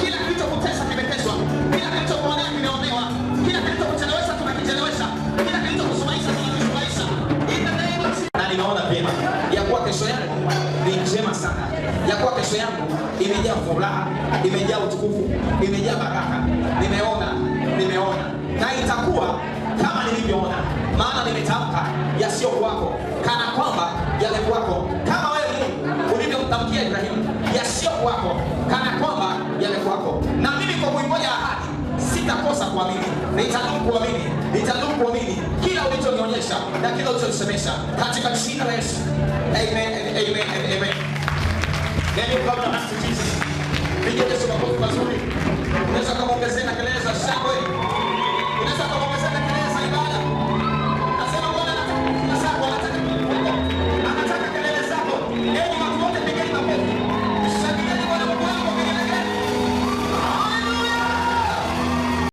kila kilichokutesa kimeteswa, kila kilichokuonea kimeonewa, kila kilichokutenda sana ya kuwa kesho yangu imejaa furaha, imejaa utukufu, imejaa baraka. Nimeona, nimeona na itakuwa kama nilivyoona, maana nimetamka kwako kana kwamba kwako kama wewe ulivyomtamkia Ibrahimu kwako kana kwamba kwako Na mimi kwa kuingoja ahadi sitakosa kuamini, nitadumu kuamini, nitadumu kuamini kila ulichonionyesha na kila ulichonisemesha katika jina la Yesu. Then you come and Jesus. Piga Yesu makofi mazuri. Unaweza